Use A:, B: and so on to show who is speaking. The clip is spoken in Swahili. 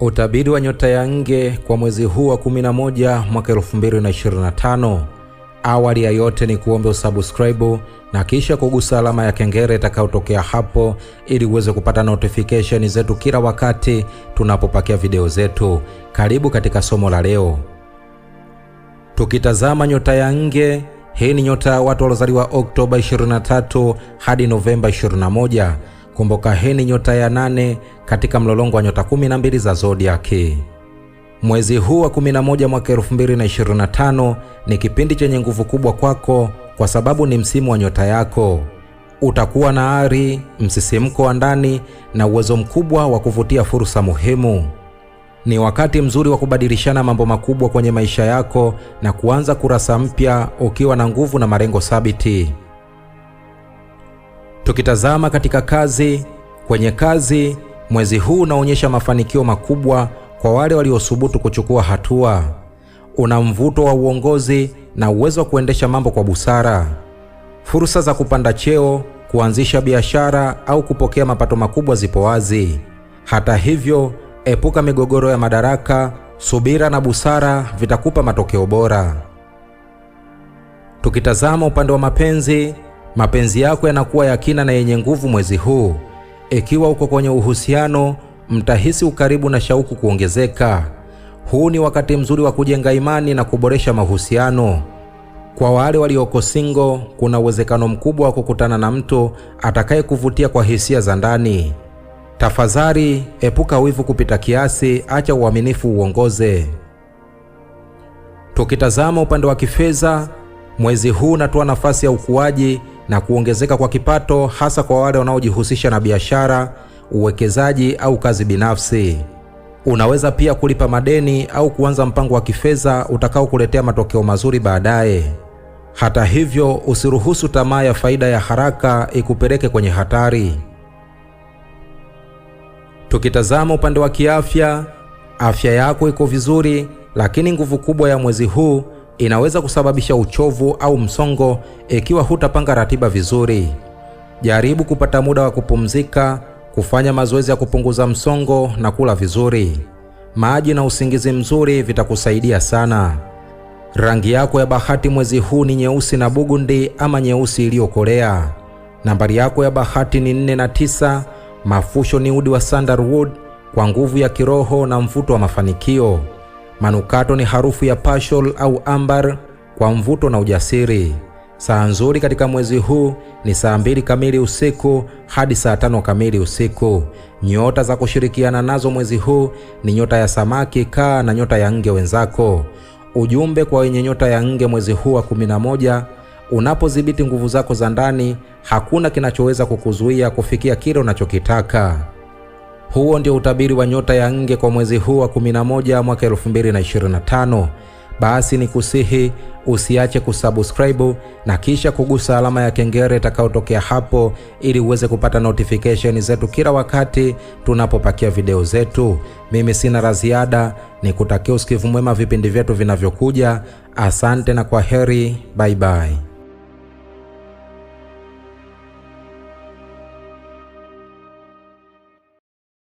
A: Utabiri wa nyota ya nge kwa mwezi huu wa 11 mwaka 2025. Awali ya yote ni kuombe usubscribe na kisha kugusa alama ya kengele itakayotokea hapo ili uweze kupata notification zetu kila wakati tunapopakia video zetu. Karibu katika somo la leo. Tukitazama nyota ya nge, hii ni nyota ya watu waliozaliwa Oktoba 23 hadi Novemba 21 ni nyota ya nane katika mlolongo wa nyota 12 za zodiaki. Mwezi huu wa 11 mwaka 2025 ni kipindi chenye nguvu kubwa kwako, kwa sababu ni msimu wa nyota yako. Utakuwa na ari, msisimko wa ndani na uwezo mkubwa wa kuvutia fursa muhimu. Ni wakati mzuri wa kubadilishana mambo makubwa kwenye maisha yako na kuanza kurasa mpya ukiwa na nguvu na malengo thabiti. Tukitazama katika kazi kwenye kazi, mwezi huu unaonyesha mafanikio makubwa kwa wale waliosubutu kuchukua hatua. Una mvuto wa uongozi na uwezo wa kuendesha mambo kwa busara. Fursa za kupanda cheo, kuanzisha biashara au kupokea mapato makubwa zipo wazi. Hata hivyo, epuka migogoro ya madaraka. Subira na busara vitakupa matokeo bora. Tukitazama upande wa mapenzi Mapenzi yako yanakuwa ya kina na yenye nguvu mwezi huu. Ikiwa uko kwenye uhusiano, mtahisi ukaribu na shauku kuongezeka. Huu ni wakati mzuri wa kujenga imani na kuboresha mahusiano. Kwa wale walioko single, kuna uwezekano mkubwa wa kukutana na mtu atakayekuvutia kwa hisia za ndani. Tafadhali epuka wivu kupita kiasi, acha uaminifu uongoze. Tukitazama upande wa kifedha, mwezi huu unatoa nafasi ya ukuaji na kuongezeka kwa kipato hasa kwa wale wanaojihusisha na biashara, uwekezaji au kazi binafsi. Unaweza pia kulipa madeni au kuanza mpango wa kifedha utakaokuletea matokeo mazuri baadaye. Hata hivyo, usiruhusu tamaa ya faida ya haraka ikupeleke kwenye hatari. Tukitazama upande wa kiafya, afya yako iko vizuri, lakini nguvu kubwa ya mwezi huu inaweza kusababisha uchovu au msongo ikiwa hutapanga ratiba vizuri. Jaribu kupata muda wa kupumzika, kufanya mazoezi ya kupunguza msongo na kula vizuri. Maji na usingizi mzuri vitakusaidia sana. Rangi yako ya bahati mwezi huu ni nyeusi na bugundi ama nyeusi iliyokolea. Nambari yako ya bahati ni nne na tisa. Mafusho ni udi wa sandalwood kwa nguvu ya kiroho na mvuto wa mafanikio. Manukato ni harufu ya pashol au ambar kwa mvuto na ujasiri. Saa nzuri katika mwezi huu ni saa mbili kamili usiku hadi saa tano kamili usiku. Nyota za kushirikiana nazo mwezi huu ni nyota ya samaki, kaa na nyota ya nge wenzako. Ujumbe kwa wenye nyota ya nge mwezi huu wa 11: unapodhibiti nguvu zako za ndani, hakuna kinachoweza kukuzuia kufikia kile unachokitaka. Huo ndio utabiri wa nyota ya nge kwa mwezi huu wa 11 mwaka 2025. Basi ni kusihi usiache kusubscribe na kisha kugusa alama ya kengele itakayotokea hapo, ili uweze kupata notification zetu kila wakati tunapopakia video zetu. Mimi sina la ziada, ni kutakia usikivu mwema vipindi vyetu vinavyokuja. Asante na kwa heri, bye bye.